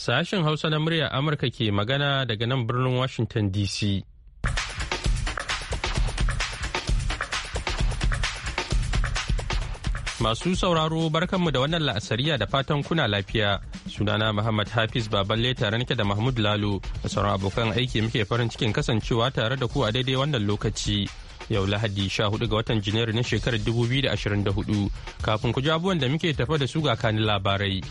Sashen Hausa na murya Amurka ke magana daga nan birnin Washington DC. Masu sauraro barkanmu da wannan la'asariya da fatan kuna lafiya. Sunana Muhammad Hafiz Baballe tare nake da Mahmud Lalo da sauran abokan aiki muke farin cikin kasancewa tare da ku a daidai wannan lokaci. Yau Lahadi 14 ga watan Janairu na shekarar 2024 kafin ku ji abubuwan da muke tafa da su ga kani labarai.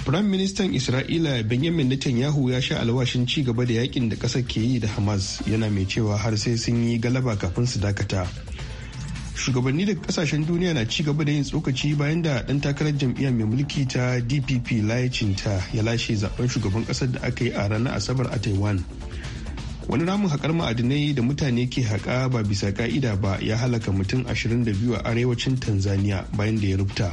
Firayim Ministan Isra'ila Benjamin Netanyahu ya sha alwashin ci gaba da yakin da ƙasar ke yi da Hamas yana mai cewa har sai sun yi galaba kafin su dakata. Shugabanni daga kasashen duniya na ci gaba da yin tsokaci bayan da ɗan takarar jam'iyyar mai mulki ta DPP layicinta ya lashe zaben shugaban ƙasar da aka yi a ranar Asabar a Taiwan. Wani ramin haƙar ma'adinai da mutane ke haƙa ba bisa ka'ida ba ya halaka mutum ashirin da biyu a arewacin Tanzania bayan da ya rubuta.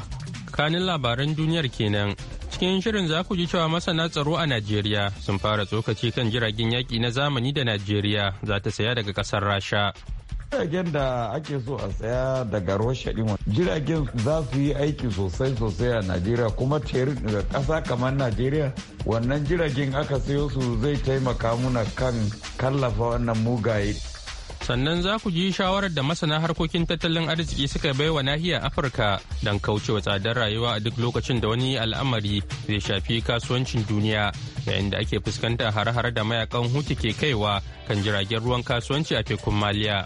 Kanin labaran duniyar kenan cikin shirin za ku ji cewa masana tsaro a Najeriya sun fara tsokaci kan jiragen yaƙi na zamani da Najeriya za ta saya daga ƙasar Rasha. Jiragen da ake so a saya daga Rasha ɗin jiragen za su yi aiki sosai sosai a Najeriya kuma teri daga ƙasa kamar Najeriya wannan jiragen aka sayo su zai taimaka muna kan kallafa wannan mugaye. sannan za ku ji shawarar da masana harkokin tattalin arziki suka bai wa nahiyar afirka don kaucewa tsadar rayuwa a duk lokacin da wani al'amari zai shafi kasuwancin duniya yayin da ake fuskanta har-har da mayakan hutu ke kaiwa kan jiragen ruwan kasuwanci a tekun maliya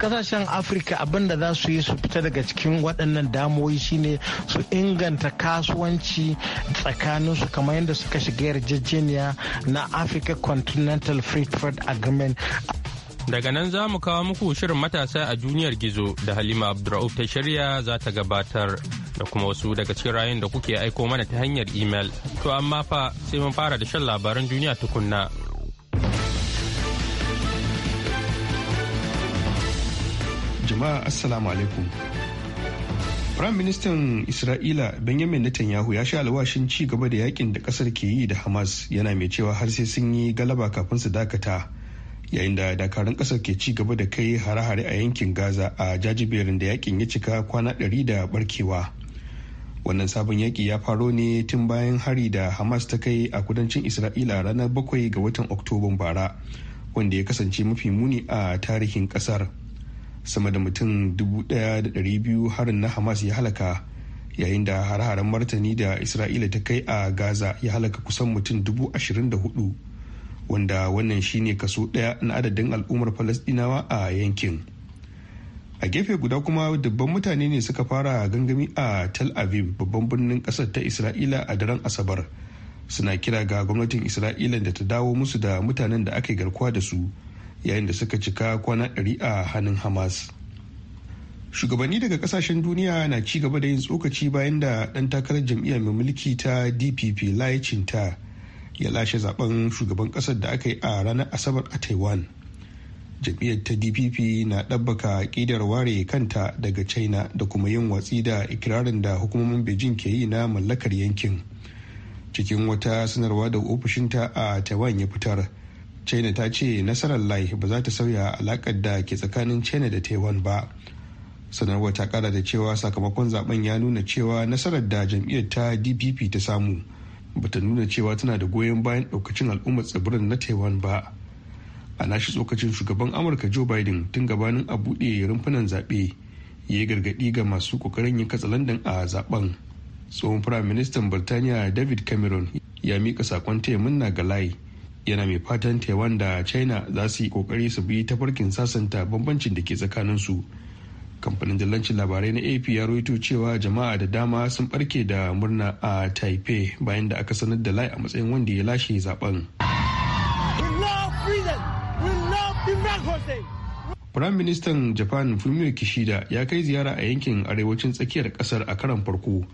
kasashen afirka abin da za su yi su fita daga cikin waɗannan damuwoyi shine su inganta kasuwanci tsakaninsu kamar yadda suka shiga yarjejeniya na africa continental free trade agreement Daga nan za mu kawo muku shirin matasa a duniyar gizo da Halima Abdur'uf ta shirya za ta gabatar da kuma wasu daga cikin rayun da kuke aiko mana ta hanyar email To amma fa sai mun fara da shan labaran duniya tukunna. Jama'a Assalamu alaikum. Prime minister Isra'ila Benjamin Netanyahu ya sha alwashin ci gaba da yakin da kasar ke yi da Hamas yana mai cewa har sai sun yi galaba kafin su dakata. yayin da dakarun kasar ke ci gaba da kai hare-hare a yankin gaza a jajiberin da yakin ya cika kwana ɗari da barkewa wannan sabon yaki ya faro ne tun bayan hari da hamas ta kai a kudancin isra'ila ranar bakwai ga watan oktoban bara wanda ya kasance mafi muni a tarihin kasar sama da mutum 1,200 harin na hamas ya halaka yayin da har-haren martani da isra'ila ta kai a gaza ya halaka kusan mutum 24,000 wanda wannan shine kaso ɗaya na adadin al'ummar falasɗinawa a yankin a gefe guda kuma dubban mutane ne suka fara gangami a tel aviv babban birnin ƙasar ta isra'ila a daren asabar suna kira ga gwamnatin isra'ila da ta dawo musu da mutanen da aka yi garkuwa da su yayin da suka cika kwana ɗari a hannun hamas shugabanni daga kasashen duniya na ci gaba da yin tsokaci bayan da ɗan takarar jam'iyyar mai mulki ta dpp layicinta cinta ya lashe zaben shugaban kasar da aka yi a ranar asabar a taiwan jam'iyyar ta dpp na ɗabbaka ƙidar ware kanta daga china da kuma yin watsi da ikirarin da hukumomin beijing ke yi na mallakar yankin cikin wata sanarwa da ofishinta a taiwan ya fitar china ta ce nasarar lai ba za ta sauya alakar da ke tsakanin china da taiwan ba sanarwa ta kara da cewa sakamakon zaben ya nuna cewa nasarar da jam'iyyar ta dpp ta samu bata nuna cewa tana da goyon bayan daukacin al'ummar tsibirin na taiwan ba a nashi tsokacin shugaban amurka joe biden tun gabanin a buɗe rumfunan zaɓe ya yi gargaɗi ga masu ƙoƙarin yin katsalandan a zaben tsohon firaministan birtaniya david cameron ya mika saƙon taimun na ga yana mai fatan taiwan da china za su yi ƙoƙari su bi tafarkin sasanta bambancin da ke tsakaninsu kamfanin dillancin labarai na ap ya rawaito cewa jama'a da dama sun barke da murna a taipei bayan da aka sanar da lai a matsayin wanda ya lashe zaben Firayim Ministan Japan Fumio Kishida ya kai ziyara a yankin arewacin tsakiyar kasar a karan farko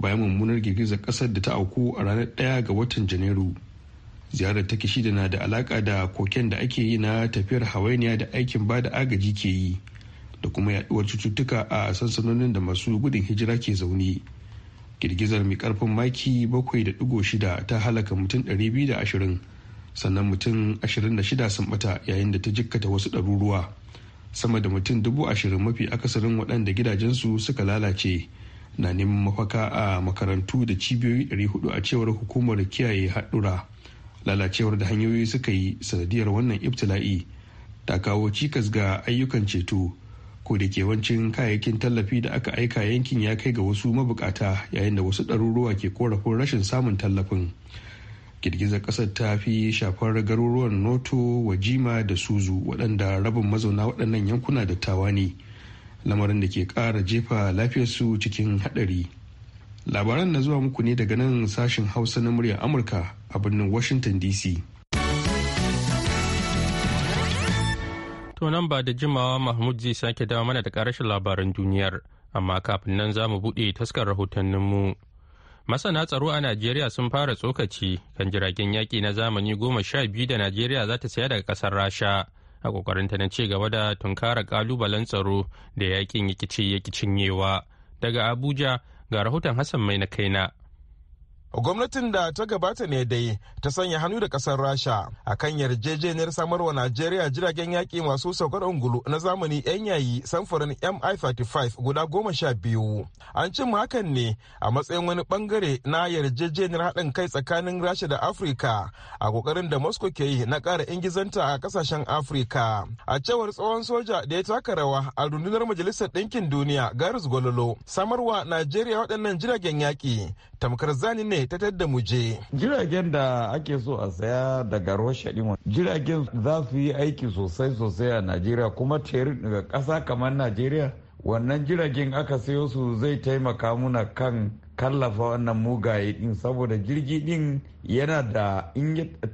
bayan mummunar girgizar kasar da ta auku a ranar 1 ga watan Janairu. ziyarar ta kishida na da alaka da koken da ake yi na tafiyar hawainiya da aikin ba da agaji ke yi da kuma yaduwar cututtuka a sansanonin da masu gudun hijira ke zaune girgizar mai karfin maki 7.6 ta halaka mutum 220 sannan mutum 26 sun bata yayin da ta jikkata wasu ɗaruruwa sama da mutum dubu ashirin mafi akasarin waɗanda gidajensu suka lalace na neman mafaka a makarantu da cibiyoyi 400 a cewar hukumar kiyaye haɗura lalacewar da hanyoyi suka yi sanadiyar wannan ibtila'i ta kawo cikas ga ayyukan ceto ko da ke wancin kayayyakin tallafi da aka aika yankin ya kai ga wasu mabukata yayin da wasu ɗaruruwa ke korafin rashin samun tallafin girgizar ƙasar ta fi shafar garuruwan noto wajima da suzu waɗanda rabin mazauna waɗannan yankuna dattawa ne lamarin da ke ƙara jefa lafiyarsu cikin haɗari labaran na zuwa muku ne daga nan sashen hausa na muryar amurka a birnin washington dc To nan ba da jimawa Mahmud zai sake dawo mana da karashin labaran duniyar, amma kafin nan za mu buɗe taskar rahotanninmu. Masana tsaro a Najeriya sun fara tsokaci kan jiragen yaƙi na zamani goma sha biyu da Najeriya za ta saya daga ƙasar Rasha a ƙoƙarinta na ci gaba da tunkara ƙalubalen tsaro da yaƙin yakice yaƙi cinyewa. Daga Abuja ga rahoton Hassan Mai na kaina Gwamnatin da ta gabata ne dai ta sanya hannu da kasar Rasha a kan yarjejeniyar samarwa Najeriya jiragen yaƙi masu saukar ungulu na zamani 'yan yayi samfurin MI-35 guda goma sha biyu. An cimma hakan ne a matsayin wani bangare na yarjejeniyar haɗin kai tsakanin Rasha da Afirka a ƙoƙarin da Moscow ke yi na ƙara ingizanta a kasashen Afirka. A cewar tsohon soja da ya taka rawa a rundunar Majalisar Ɗinkin Duniya Garis Gololo, samarwa Najeriya waɗannan jiragen yaƙi tamkar zani ne ne ta tadda mu je. Jiragen da ake so a saya daga Rosha din jiragen za su yi aiki sosai sosai a Najeriya kuma teri daga ƙasa kamar Najeriya wannan jiragen aka sayo su zai taimaka muna kan kallafa wannan mugaye din saboda jirgi din yana da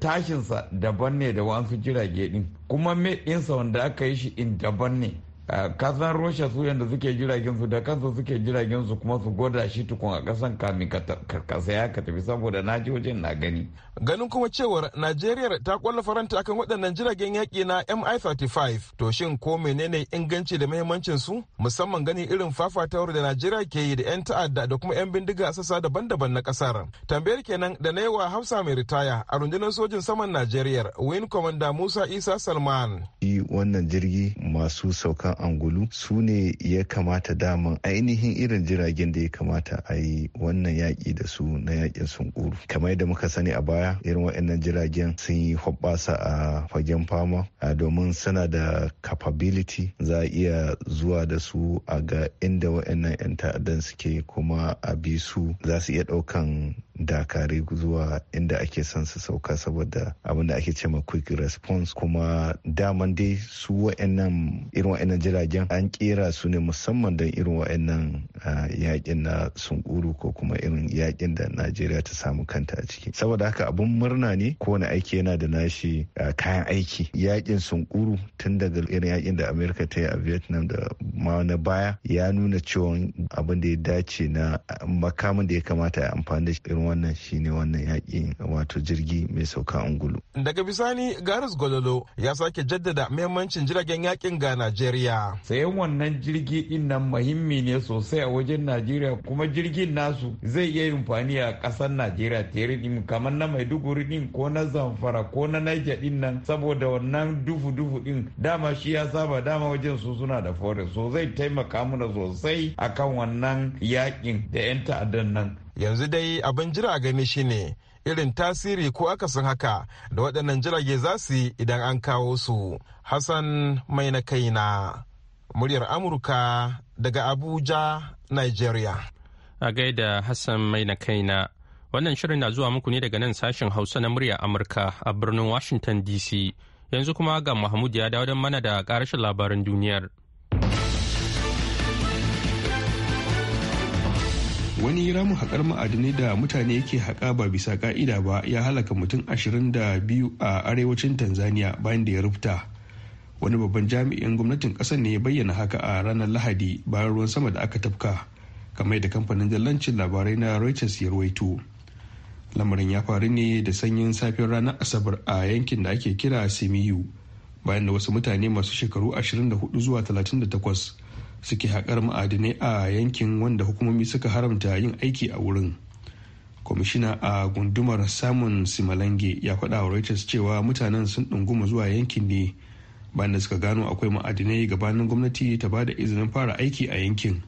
tashinsa daban ne da wasu jirage din kuma me ɗinsa wanda aka yi shi in daban ne Eh, kasan rosha su yadda suke jiragen su da kansu suke jiragen su kuma su gwada shi tukun a kasan kamin ka saya ka tafi saboda na ji wajen na gani ganin kuma cewar Najeriya ta kwallo faranta akan waɗannan jiragen yaƙi na MI-35 to shin ko menene inganci da muhimmancin su musamman ganin irin fafatawar da Najeriya ke yi da 'yan ta'adda da kuma 'yan bindiga a sassa daban-daban na ƙasar. Tambayar kenan da na yawa hausa mai ritaya a rundunar sojin saman Najeriya win Commander Musa Isa Salman. Shi wannan jirgi masu saukan angulu su ne ya kamata daman ainihin irin jiragen da ya kamata a yi wannan yaƙi da su na yaƙin sunkuru. Kamar yadda muka sani a baya baya irin waɗannan jiragen sun yi hoɓɓasa a fagen fama domin suna da capability za a iya zuwa da su a ga inda waɗannan 'yan ta'addan suke kuma a bi su za su iya ɗaukan dakare zuwa inda ake son su sauka saboda abinda ake ce ma quick response kuma daman dai su wa'annan irin wa'annan jiragen an kera su ne musamman don irin wa'annan yakin na sunkuru ko kuma irin yakin da najeriya ta samu kanta a ciki saboda haka abin murna ne kowane aiki yana da nashi kayan aiki yakin sunkuru tun daga irin yakin da amerika ta yi a vietnam da ma na baya ya nuna cewa abin da ya dace na makamin da ya kamata a amfani da irin wannan shine wannan yaƙi wato jirgi mai sauka angulu. Daga bisani Garis Gololo ya sake jaddada muhimmancin jiragen yakin ga Najeriya. Sayan wannan jirgi din nan muhimmi ne sosai a wajen Najeriya kuma jirgin nasu zai iya yin amfani a ƙasar Najeriya tere din kamar na Maiduguri din ko na Zamfara ko na Naija din nan saboda wannan dufu-dufu din dama shi ya saba dama wajen su suna da forest so zai taimaka mana sosai akan wannan yaƙin da 'yan ta'addan nan yanzu dai abin jira gani shine irin tasiri ko akasin haka da waɗannan jirage za su idan an kawo su hassan mai na kaina muryar amurka daga abuja nigeria a gaida hassan mai na kaina wannan shirin na zuwa muku ne daga nan sashen hausa na muryar amurka a birnin washington dc yanzu kuma ga mahmud ya dawo don mana da ƙarashin labaran duniyar. wani ramin haƙar ma'adinai da mutane ke haƙa ba bisa ka'ida ba ya halaka mutum 22 a arewacin tanzania bayan da ya rubuta wani babban jami'in gwamnatin ƙasar ne ya bayyana haka a ranar lahadi bayan ruwan sama da aka tafka kamar da kamfanin jallancin labarai na reuters ya ruwaito lamarin ya faru ne da sanyin safiyar ranar asabar a yankin da ake kira simiyu bayan da wasu mutane masu shekaru 24 zuwa 38 suke haƙar ma'adinai a yankin wanda hukumomi suka haramta yin aiki a wurin kwamishina a gundumar samun simalange ya faɗa wa reuters cewa mutanen sun ɗunguma zuwa yankin ne bayan da suka gano akwai ma'adinai gabanin gwamnati ta ba da izinin fara aiki a yankin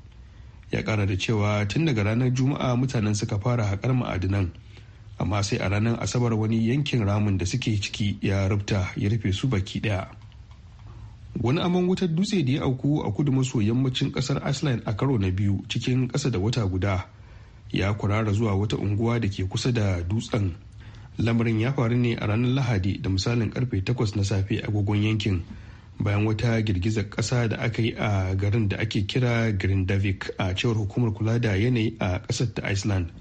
ya ƙara da cewa tun daga ranar juma'a mutanen suka fara haƙar ma'adinan amma sai a ranar asabar wani yankin ramin da suke ciki ya rubta ya rufe su baki ɗaya wani aman wutar dutse da ya auku a kudu maso yammacin kasar iceland a karo na biyu cikin kasa da wata guda ya kurara zuwa wata unguwa da ke kusa da dutsen lamarin ya faru ne a ranar lahadi da misalin karfe 8 na safe agogon yankin bayan wata girgizar kasa da aka yi a garin da ake kira grindavik a cewar hukumar kula da yanayi a kasar ta iceland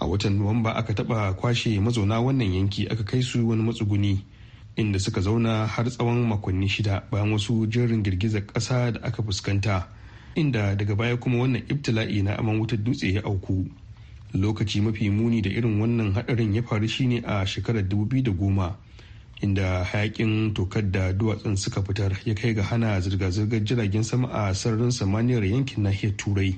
a watan nuwamba aka taɓa kwashe mazauna wannan yanki aka kai su wani matsuguni inda suka zauna har tsawon makonni shida bayan wasu jirin girgizar ƙasa da aka fuskanta inda daga baya kuma wannan ibtila'i na aman wutar dutse ya auku lokaci mafi muni da irin wannan haɗarin ya faru shine a shekarar 2010 inda hayakin tokar da duwatsun suka fitar ya kai ga hana zirga-zirgar jiragen sama a sararin samaniyar yankin nahiyar turai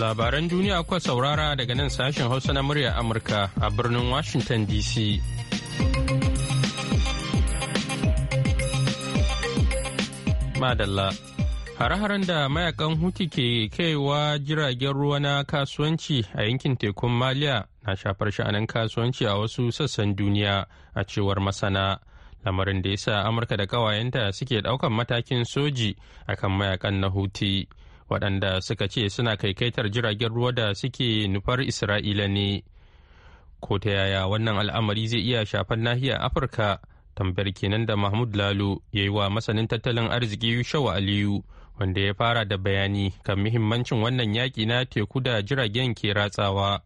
Labaran duniya kuwa saurara daga nan sashen Hausa na murya Amurka a birnin Washington DC. Madalla. Hare-haren da mayakan Huti ke kaiwa jiragen ruwa na kasuwanci a yankin tekun Maliya na shafar sha'anin kasuwanci a wasu sassan duniya a cewar masana. Lamarin da ya sa Amurka da ƙawayenta suke ɗaukan matakin soji akan mayakan na Huti. waɗanda suka ce suna kaikaitar jiragen ruwa da suke nufar isra'ila ne ko ta yaya wannan al'amari zai iya shafan nahiyar afirka tambayar kenan da mahmud lalo ya yi wa masanin tattalin arziki yushawa aliyu wanda ya fara da bayani kan muhimmancin wannan yaƙi na teku da jiragen ke ratsawa.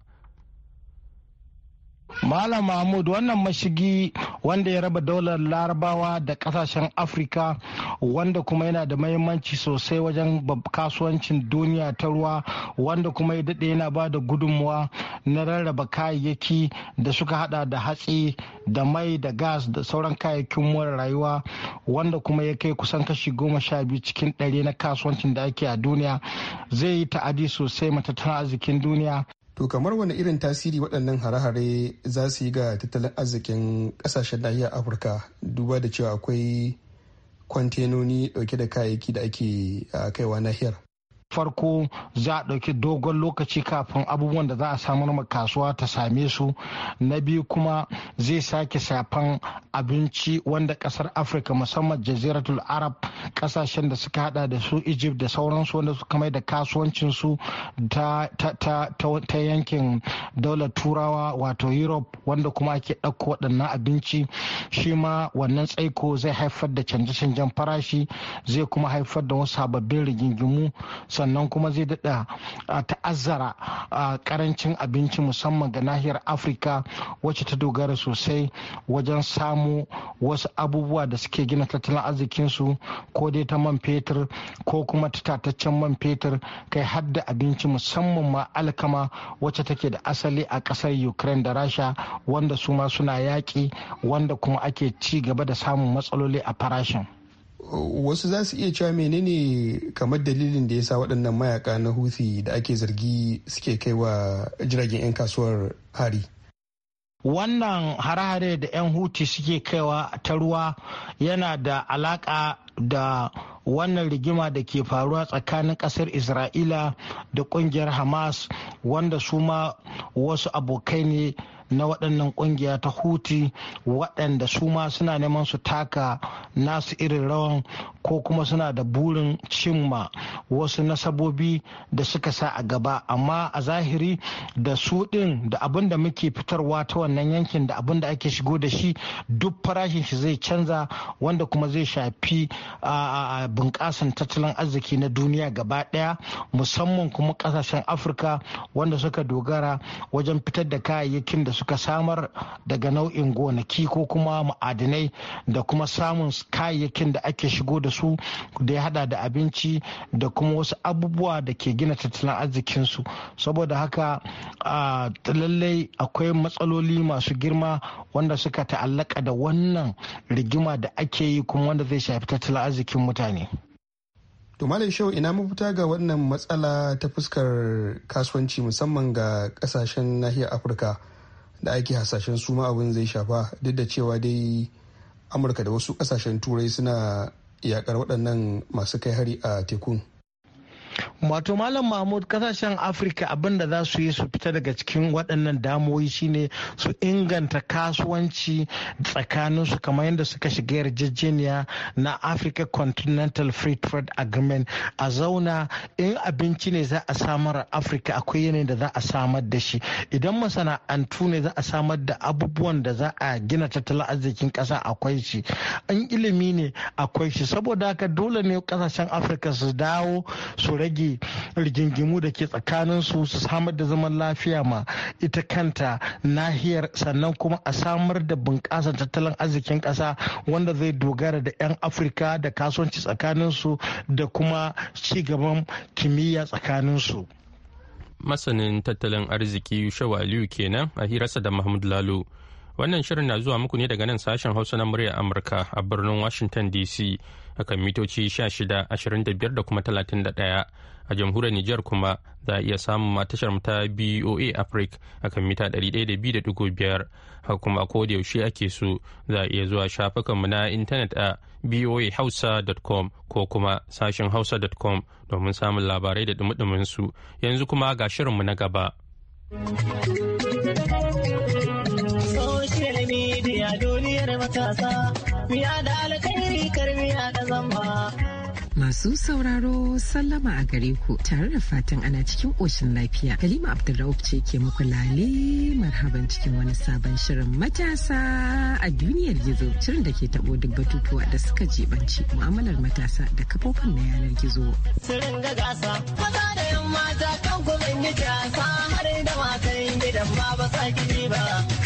Malam Mahmud wannan mashigi wanda ya raba daular larabawa da kasashen Afirka wanda kuma yana da mahimmanci sosai wajen kasuwancin duniya ta ruwa wanda kuma ya daɗe yana ba da gudunmuwa na rarraba kayayyaki da suka hada da hatsi da mai da gas da sauran kayayyakin more rayuwa wanda kuma ya kai kusan kashi goma sha biyu cikin ɗari na kasuwancin da ake a duniya zai yi ta'adi sosai matattalin arzikin duniya To kamar wani irin tasiri waɗannan hare-hare za su yi ga tattalin arzikin ƙasashen nahiyar Afirka duba da cewa akwai kwantenoni ɗauke da kayayyaki da ake kaiwa nahiyar. farko za a ɗauki dogon lokaci kafin abubuwan da za a samar ma kasuwa ta same su na biyu kuma zai sake safan abinci wanda ƙasar afirka musamman jaziratul arab ƙasashen da suka hada da su egypt da sauransu wanda suka mai da kasuwancinsu ta, yankin daular turawa wato europe wanda kuma ake ɗauko waɗannan abinci shi ma wannan tsaiko zai haifar da canje-canjen farashi zai kuma haifar da wasu sababbin rigingimu sannan kuma zai daɗa ta'azzara karancin abinci musamman ga nahiyar afirka wacce ta dogara sosai wajen samu wasu abubuwa da suke gina tattalin arzikinsu ko dai ta man fetur ko kuma ta tataccen man fetur kai hadda abinci musamman ma alkama wacce take da asali a ƙasar ukraine da rasha wanda su ma suna yaƙi wanda kuma ake ci gaba da samun matsaloli a farashin. wasu za su iya cewa menene kamar dalilin da ya sa waɗannan mayaka na huthi da ake zargi suke kai wa jiragen 'yan kasuwar hari wannan hare-hare da 'yan huti suke kaiwa ta ruwa yana da alaƙa da wannan rigima da ke faruwa tsakanin ƙasar isra'ila da ƙungiyar hamas wanda su ma wasu abokai ne na waɗannan ƙungiya ta huti waɗanda su ma suna neman su taka nasu irin rawan ko kuma suna da burin cimma wasu nasabobi da suka sa a gaba amma a zahiri da su ɗin da abin da muke fitarwa ta wannan yankin da abin da ake shigo da shi duk farashin shi zai canza wanda kuma zai shafi a bunƙasan tattalin arziki na duniya gaba ɗaya musamman kuma ƙasashen afirka wanda suka dogara wajen fitar da kayayyakin da suka samar daga nau'in gonaki ko kuma ma'adinai da kuma samun kayayyakin da ake shigo da su da ya hada da abinci da kuma wasu abubuwa da ke gina tattalin arzikinsu saboda haka a lallai akwai matsaloli masu girma wanda suka ta'allaka da wannan rigima da ake yi kuma wanda zai shafi tattalin arzikin mutane. To Shau ina mafita ga wannan matsala ta fuskar kasuwanci musamman ga kasashen nahiyar Afirka da ake hasashen suma abin zai shafa duk da cewa dai amurka da wasu kasashen turai suna yakar waɗannan masu kai hari a tekun wato malam mahmud kasashen afirka abinda za su yi su fita daga cikin waɗannan damoyi shine su inganta kasuwanci tsakanin su kamar yadda suka shiga yarjejeniya na africa continental free trade agreement a zauna in abinci ne za a samar a afirka akwai yanayin da za a samar da shi idan masana'antu ne za a samar da abubuwan da za a gina tattalin arzikin ƙasa akwai shi an ilimi ne akwai shi saboda haka dole ne kasashen afirka su dawo su rage rigingimu da ke tsakanin su su samar da zaman lafiya ma ita kanta nahiyar sannan kuma a samar da bunƙasar tattalin arzikin ƙasa wanda zai dogara da 'yan afirka da kasuwanci tsakanin su da kuma ci gaban kimiyya tsakanin su masanin tattalin arziki Yushau Aliyu kenan a hirarsa da Mahmud Lalo. Wannan shirin na zuwa muku ne daga nan sashen Hausa na muryar Amurka a birnin Washington DC kan mitoci 16, 25 da kuma 31. A jamhuriyar Nijar kuma za a iya samun matashar ta BOA Africa a kan mita 102.5 haka kuma a koda yaushe ake so za a iya zuwa shafukanmu na intanet a boahausa.com ko kuma sashen hausa.com domin samun labarai da dumudumin su yanzu kuma ga shirinmu na gaba. matasa miya da alkhairi Masu sauraro sallama a gare ku tare da fatan ana cikin ƙoshin lafiya. Halima Abdulrauf ce ke muku lale marhaban cikin wani sabon shirin matasa a duniyar gizo. Shirin da ke taɓo duk batutuwa da suka jibanci mu'amalar matasa da kafofin na yanar gizo. Sirin ga gasa, maza da yan mata kan kuma yi har da matan gidan ba ba sa ba.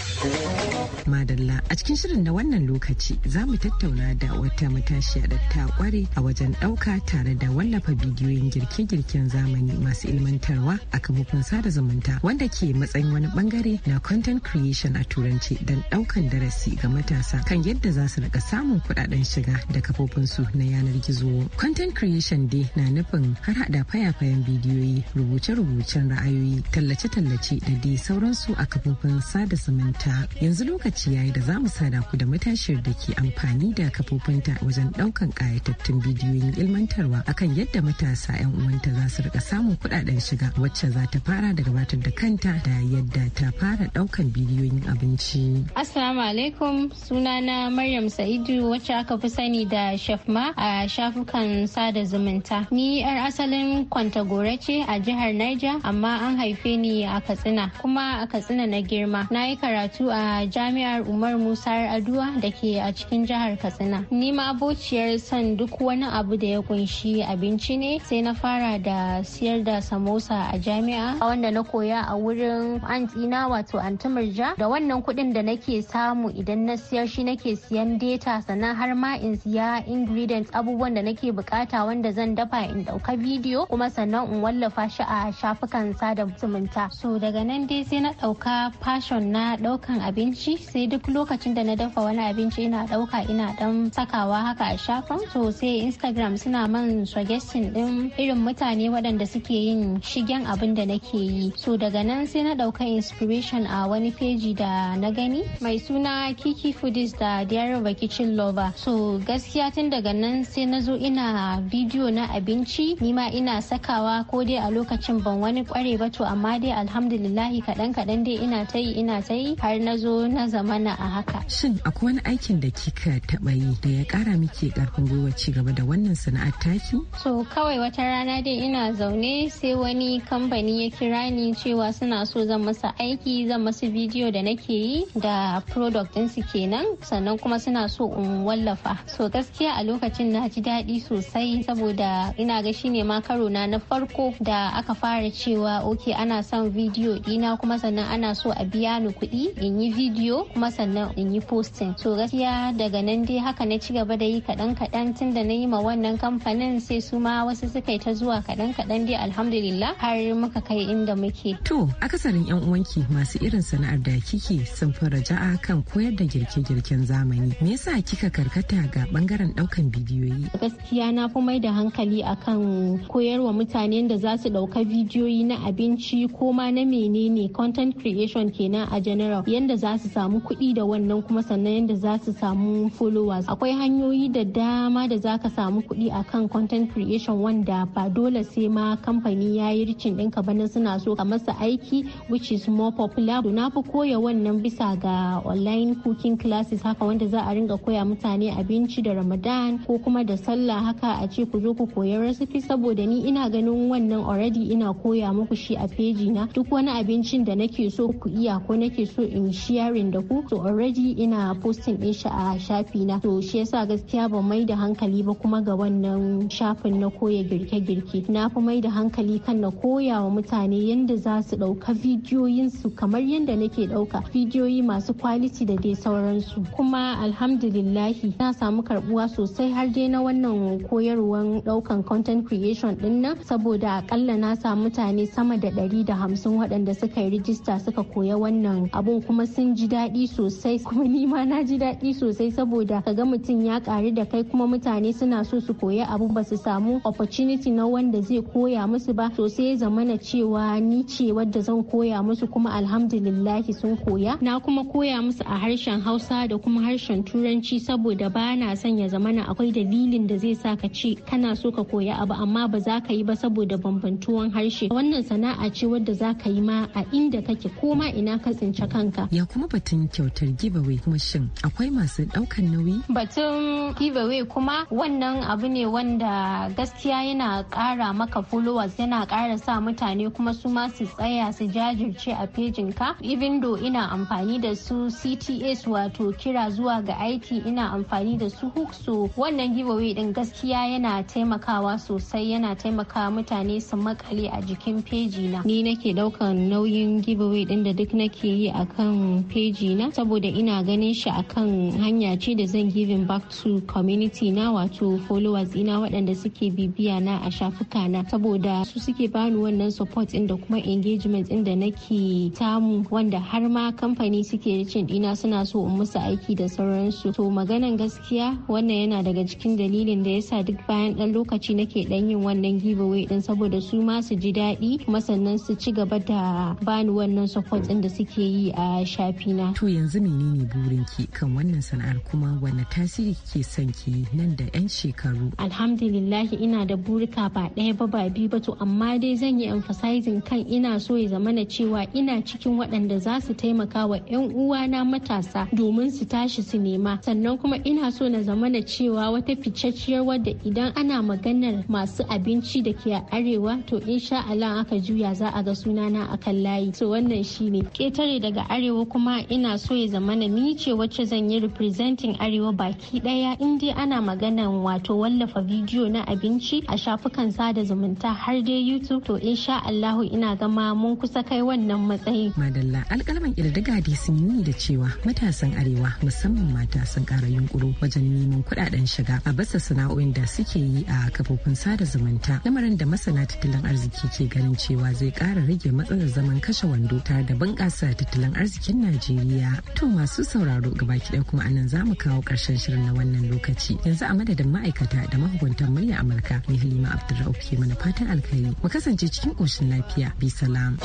Madalla a cikin shirin na wannan lokaci za mu tattauna da wata matashiya da ta kware a wajen ɗauka tare da wallafa bidiyoyin girke-girken zamani masu ilmantarwa a kafofin sada zumunta wanda ke matsayin wani bangare na content creation a turanci don ɗaukan darasi ga matasa kan yadda za su rika samun kuɗaɗen shiga da kafofin su na yanar gizo. Content creation dai na nufin har hada fayafayen bidiyoyi rubuce-rubucen ra'ayoyi tallace-tallace da dai sauransu a kafofin sada zumunta. yanzu lokaci yayi da zamu mu sada ku da matashiyar da ke amfani da kafofinta wajen daukan kayatattun bidiyoyin ilmantarwa akan yadda matasa 'yan uwanta za su rika samun kudaden shiga wacce za ta fara da gabatar da kanta da yadda ta fara daukan bidiyoyin abinci. Assalamu alaikum sunana Maryam Sa'idu wacce aka fi sani da Shafma a shafukan sada zumunta. Ni 'yar asalin Kwantagore ce a jihar Niger amma an haife ni a Katsina kuma a Katsina na girma. Na yi karatu karatu a jami'ar Umar Musa Aduwa da ke a cikin jihar Katsina. Ni ma abociyar son duk wani abu da ya kunshi abinci ne sai na fara da siyar da samosa a jami'a wanda na koya a wurin antina wato antumurja da wannan kuɗin da nake samu idan na siyar shi nake siyan data sannan har ma in siya ingredients abubuwan da nake bukata wanda zan dafa in ɗauka bidiyo kuma sannan in wallafa shi a shafukan sada zumunta. So daga nan dai sai na ɗauka fashion na ɗauka kan abinci sai duk lokacin da na dafa wani abinci ina ɗauka ina dan sakawa haka a shafin to sai instagram suna man suggestion ɗin irin mutane waɗanda suke yin shigen abin da nake yi so daga nan sai na ɗauka inspiration a wani feji da na gani mai suna kiki foodies da diary kitchen lover so gaskiya tun daga nan sai na zo ina bidiyo na abinci nima ina sakawa ko dai a lokacin ban wani kware ba to amma dai alhamdulillahi kaɗan kaɗan dai ina ta yi ina ta yi har har na zo na zamana a haka. Shin akwai wani aikin da kika taɓa yi da ya kara miki ƙarfin gwiwa ci gaba da wannan sana'ar taki? So kawai wata rana dai ina zaune sai wani kamfani ya kira ni cewa suna so zan masa aiki zan masa bidiyo da nake yi da product su kenan sannan kuma suna so in wallafa. So gaskiya a lokacin na ji daɗi sosai saboda ina ga shine ma karo na na farko da aka fara cewa ok ana son bidiyo ɗina kuma sannan ana so a biya ni kuɗi in yi video kuma sannan in yi posting to gaskiya daga nan dai haka na ci gaba da yi kaɗan kaɗan tun da na yi ma wannan kamfanin sai su ma wasu suka yi ta zuwa kaɗan kaɗan dai alhamdulillah har muka kai inda muke. To akasarin yan uwanki masu irin sana'ar da kike sun fi raja'a kan koyar da girke-girken zamani me yasa kika karkata ga bangaren daukan bidiyoyi? Gaskiya na fi mai da hankali akan koyarwa mutanen da za su ɗauka bidiyoyi na abinci ko ma na menene content creation kenan a general yadda za su samu kuɗi da wannan kuma sannan yadda za su samu followers akwai hanyoyi da dama da za ka samu kuɗi a kan content creation wanda ba dole sai ma kamfani ya yi ricin ɗinka ba nan suna so ka masa aiki which is more popular na fi koya wannan bisa ga online cooking classes haka wanda za a ringa koya mutane abinci da ramadan ko kuma da sallah haka a ce ku zo ku koyi recipe saboda ni ina ganin wannan already ina koya muku shi a peji na duk wani abincin da nake so ku iya ko nake so in sharing da ku to already ina posting din shi a shafi na to shi yasa gaskiya ban mai da hankali ba kuma ga wannan shafin na koya girke-girke na fi mai da hankali kan na koya wa mutane yadda za su ɗauka bidiyoyin su kamar yadda nake ɗauka bidiyoyi masu quality da dai sauransu kuma alhamdulillahi na samu karbuwa sosai har dai na wannan koyarwan ɗaukan content creation din nan saboda akalla na samu mutane sama da ɗari da hamsin waɗanda suka yi rijista suka koya wannan abun kuma kuma sun ji daɗi sosai kuma ni ma na ji daɗi sosai saboda kaga mutum ya ƙari da kai kuma mutane suna so su koya abu ba su samu opportunity na wanda zai koya musu ba sosai zamana cewa ni ce wadda zan koya musu kuma alhamdulillahi sun koya na kuma koya musu a harshen hausa da kuma harshen turanci saboda ba na son ya zamana akwai dalilin da zai sa ka ce kana so ka koya abu amma ba za ka yi ba saboda bambantuwan harshe wannan sana'a ce wadda za ka yi ma a inda kake ko ma ina ka tsinci kanka ya kuma batun kyautar giveaway kuma shin akwai masu daukan nauyi batun giveaway kuma wannan abu ne wanda gaskiya yana kara maka followers yana kara sa mutane kuma su ma su tsaya su jajirce a pejin ka even though ina amfani da su cts wato kira zuwa ga aiki ina amfani da su hook so wannan giveaway din gaskiya yana taimakawa sosai yana taimaka mutane su makale a jikin peji na ni nake daukan nauyin giveaway din da duk nake yi akan kan peji na saboda ina ganin shi a kan hanya ce da zan giving back to community na wato followers ina waɗanda suke bibiya na a shafuka na saboda su suke bani wannan support inda da kuma engagement inda da nake tamu wanda har ma kamfani suke cin dina suna so in musu aiki da sauransu to maganan gaskiya wannan yana daga cikin dalilin da yasa duk bayan ɗan lokaci nake ɗan yin wannan giveaway din saboda su ma su ji daɗi kuma sannan su ci gaba da bani wannan support inda da suke yi a shafi na. To yanzu menene ki kan wannan sana'ar kuma wanne tasiri ke son ki nan da 'yan shekaru? Alhamdulillah ina da burika ba ɗaya ba ba biyu ba to amma dai zan yi emphasizing kan ina so ya zama na cewa ina cikin waɗanda za su taimaka wa 'yan uwana matasa domin su tashi su nema sannan kuma ina so na zama na cewa wata ficacciyar wadda idan ana maganar masu abinci da ke a arewa to insha Allah aka juya za a ga sunana akan layi to wannan shine ketare daga arewa arewa kuma ina so ya zama na ni ce wacce zan yi representing arewa baki daya in dai ana maganan wato wallafa bidiyo na abinci a shafukan sada zumunta har dai youtube to in sha allahu ina gama mun kusa kai wannan matsayin. madalla alkalman kirdiga da sun yi da cewa matasan arewa musamman mata sun kara yunkuro wajen neman kudaden shiga a basa sana'o'in da suke yi a kafofin sada zumunta lamarin da masana tattalin arziki ke ganin cewa zai kara rage matsalar zaman kashe wando tare da bunƙasa tattalin arziki cikin Najeriya. To masu sauraro gabaki ɗaya kuma anan za mu kawo ƙarshen shirin na wannan lokaci. Yanzu a madadin ma'aikata da mahukuntan murya Amurka ni Halima Abdulrauf ke mana fatan alkhairi. Mu kasance cikin ƙoshin lafiya. Bi salam.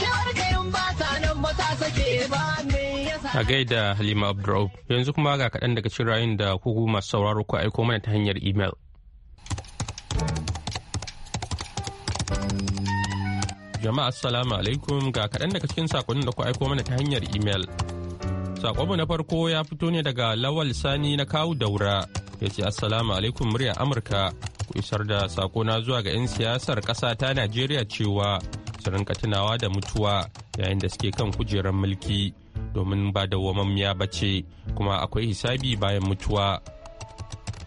A gaida Halima Abdulrauf yanzu kuma ga kaɗan daga cikin rayun da kuku masu sauraro ku aiko mana ta hanyar imel. Jama'a assalamu alaikum ga kaɗan daga cikin sakonnin da ku aiko mana ta hanyar imel. Sakonmu na farko ya fito ne daga Lawal Sani na kawu daura ya ce assalamu alaikum murya Amurka ku isar da na zuwa ga 'yan siyasar ƙasa ta Najeriya cewa su rinka tunawa da mutuwa yayin da suke kan kujerar mulki domin ba dawwamammiya ba ce kuma akwai hisabi bayan mutuwa.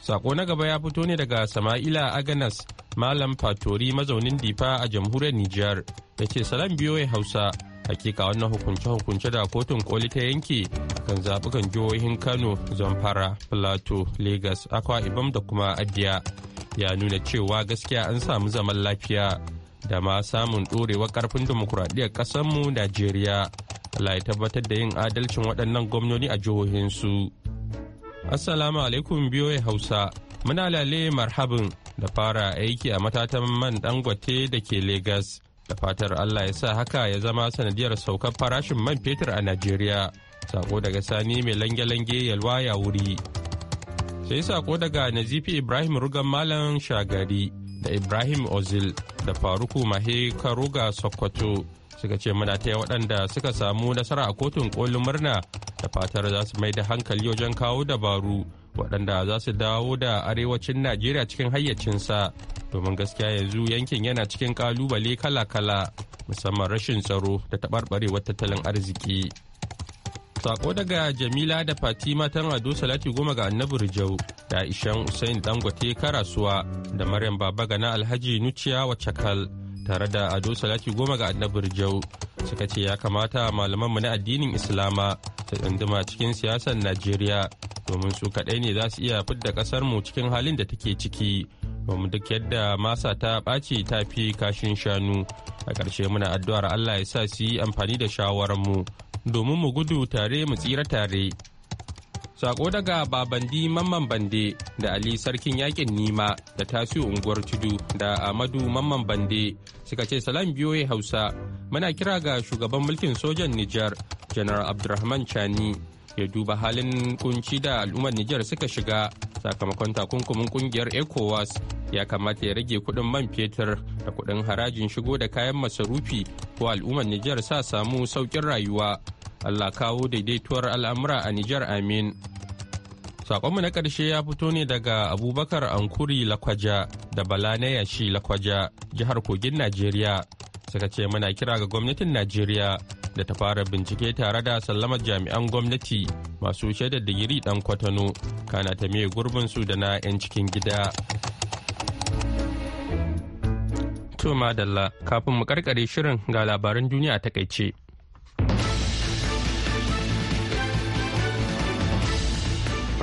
Sako na gaba ya fito ne daga Sama'ila Aganas Malam Fatori mazaunin Difa a jamhuriyar Nijar ya ce salam ya Hausa hakika wannan hukunce-hukunce da kotun koli ta yanke kan zaɓukan jihohin Kano, Zamfara, Plateau, Lagos, Akwa Ibom da kuma Abia ya nuna cewa gaskiya an samu zaman lafiya da ma samun ɗorewar ƙarfin dimokuraɗiyyar ƙasarmu Najeriya. Allah ya tabbatar da yin adalcin waɗannan gwamnoni a jihohinsu. su. Assalamu alaikum biyoyi Hausa, muna lale marhabin da fara aiki a matatan man dangote da ke Legas. Da fatar Allah ya sa haka ya zama sanadiyar saukar farashin man fetur a Najeriya. Sako daga sani mai lange-lange yalwa ya wuri. Sai sako daga Nazifi Ibrahim Rugan Malam Shagari da Ibrahim Ozil da Faruku Mahe Karuga Sokoto. suka ce muna taya waɗanda suka samu nasara a kotun kolin murna da fatar za su mai da hankali wajen kawo dabaru waɗanda za su dawo da arewacin najeriya cikin hayyacinsa domin gaskiya yanzu yankin yana cikin kalubale kala-kala musamman rashin tsaro da taɓarɓarewar tattalin arziki sako daga jamila da fatima tan ado salati goma ga annabi rijau da ishan usain dangote karasuwa da maryam babaga na alhaji nuciya wa wacakal tare da ado salati goma ga annabar jau suka ce ya kamata malamanmu na addinin islama ta tsunduma cikin siyasar najeriya domin su kaɗai ne za su iya fidda ƙasar mu cikin halin da take ciki domin duk yadda masa ta ɓaci ta fi kashin shanu a ƙarshe muna addu'ar allah ya sa su yi amfani da shawararmu domin mu gudu tare mu tsira tare Sako daga Babandi Mamman Bande da Ali Sarkin Yakin Nima da Tasiu Unguwar Tudu da Amadu Mamman Bande suka ce salam ya Hausa muna kira ga shugaban mulkin sojan Nijar Janar Abdurrahman Chani ya duba halin kunci da al'ummar Nijar suka shiga sakamakon takunkumin kungiyar ECOWAS ya kamata ya rage kudin man fetur da kudin harajin shigo da kayan masarufi ko al'ummar Nijar sa samu saukin rayuwa Allah kawo daidaituwar al'amura a Nijar Amin. saƙonmu na ƙarshe ya fito ne daga Abubakar Ankuri Lakwaja da Bala na Yashi Lakwaja, jihar Kogin Najeriya. Suka ce muna kira ga gwamnatin Najeriya da ta fara bincike tare da sallamar jami'an gwamnati masu shaidar digiri ɗan kwatano, kana ta mai gurbin su da na 'yan cikin gida. To madalla, kafin mu karkare shirin ga labaran duniya takaice.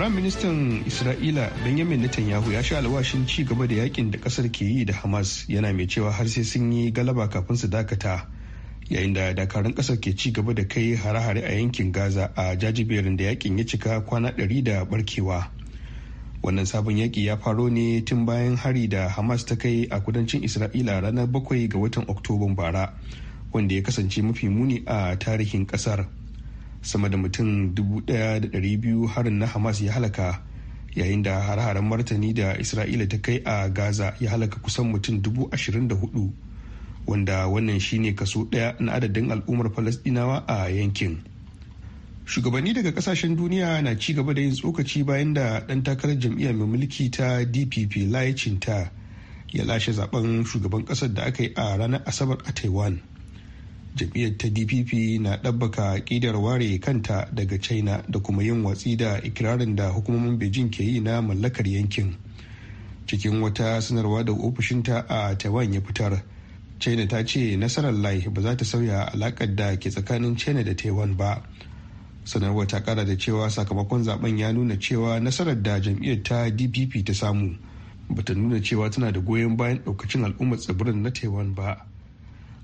Prime Ministan Isra'ila Benjamin Netanyahu ya sha alwashin ci gaba da yakin da kasar ke yi da Hamas yana mai cewa har sai sun yi galaba kafin su dakata yayin da dakarun kasar ke ci gaba da kai hare-hare a yankin Gaza a jajiberin da yakin ya cika kwana ɗari da barkewa. Wannan sabon yaki ya faro ne tun bayan hari da Hamas ta kai a kudancin Isra'ila ranar bakwai ga watan Oktoban bara wanda ya kasance mafi muni a tarihin kasar. sama da mutum 1,200 harin na hamas ya halaka yayin da har-haren martani da isra'ila ta kai a gaza ya halaka kusan mutum 24,000 wanda wannan shine kaso ɗaya na adadin al'ummar falasdinawa a yankin shugabanni daga kasashen duniya na ci gaba da yin tsokaci bayan da dan takarar jam'iyyar mai mulki ta dpp layicinta ya lashe zaben shugaban ƙasar da aka yi a ranar asabar a taiwan jam'iyyar ta dpp na ɗabbaka ƙidar ware kanta daga china da kuma yin watsi da ikirarin da hukumomin beijing ke yi na mallakar yankin cikin wata sanarwa da ofishinta a taiwan ya fitar china ta ce nasarar lai ba za ta sauya alakar da ke tsakanin china da taiwan ba sanarwa ta kara da cewa sakamakon zaben ya nuna cewa nasarar da jam'iyyar ta dpp ta samu bata nuna cewa tana da goyon bayan ɗaukacin al'ummar tsibirin na taiwan ba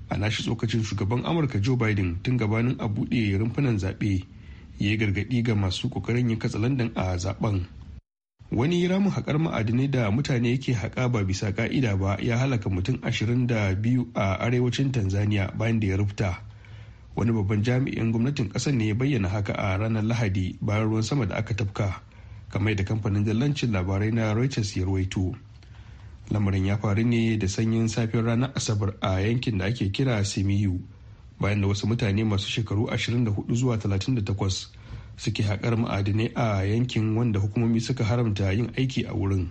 a nashi tsokacin shugaban amurka joe biden tun gabanin a buɗe rumfunan zaɓe ya yi gargaɗi ga masu ƙoƙarin yin katsalandan a zaben wani ramin haƙar ma'adinai da mutane yake haƙa ba bisa ƙa'ida ba ya halaka mutum ashirin da biyu a arewacin tanzania bayan da ya rufta wani babban jami'in gwamnatin ƙasar ne ya bayyana haka a ranar lahadi bayan ruwan sama da aka tafka kamar da kamfanin dallancin labarai na reuters ya ruwaito lamarin ya faru ne da sanyin safiyar ranar asabar a yankin da ake kira simiyu bayan da wasu mutane masu shekaru 24 zuwa 38 suke haƙar ma'adinai a yankin wanda hukumomi suka haramta yin aiki a wurin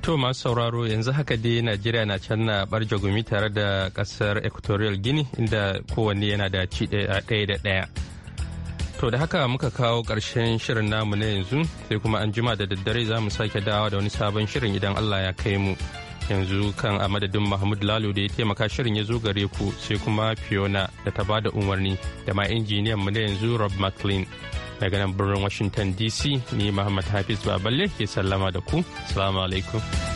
to masu sauraro yanzu haka dai najeriya na can na barja gumi tare da kasar equatorial guinea inda kowanne yana da ci ɗaya da ɗaya To da haka muka kawo ƙarshen shirin namu na yanzu sai kuma an jima da daddare za mu sake dawa da wani sabon shirin idan Allah ya kai mu. Yanzu kan a madadin Mahmud Lalo da ya taimaka shirin ya zo gare ku sai kuma Fiona da ta bada umarni da ma injiniyan mu na yanzu Rob McLean. Daga nan birnin Washington DC ni Muhammad Hafiz Baballe ke sallama da ku. Assalamu alaikum.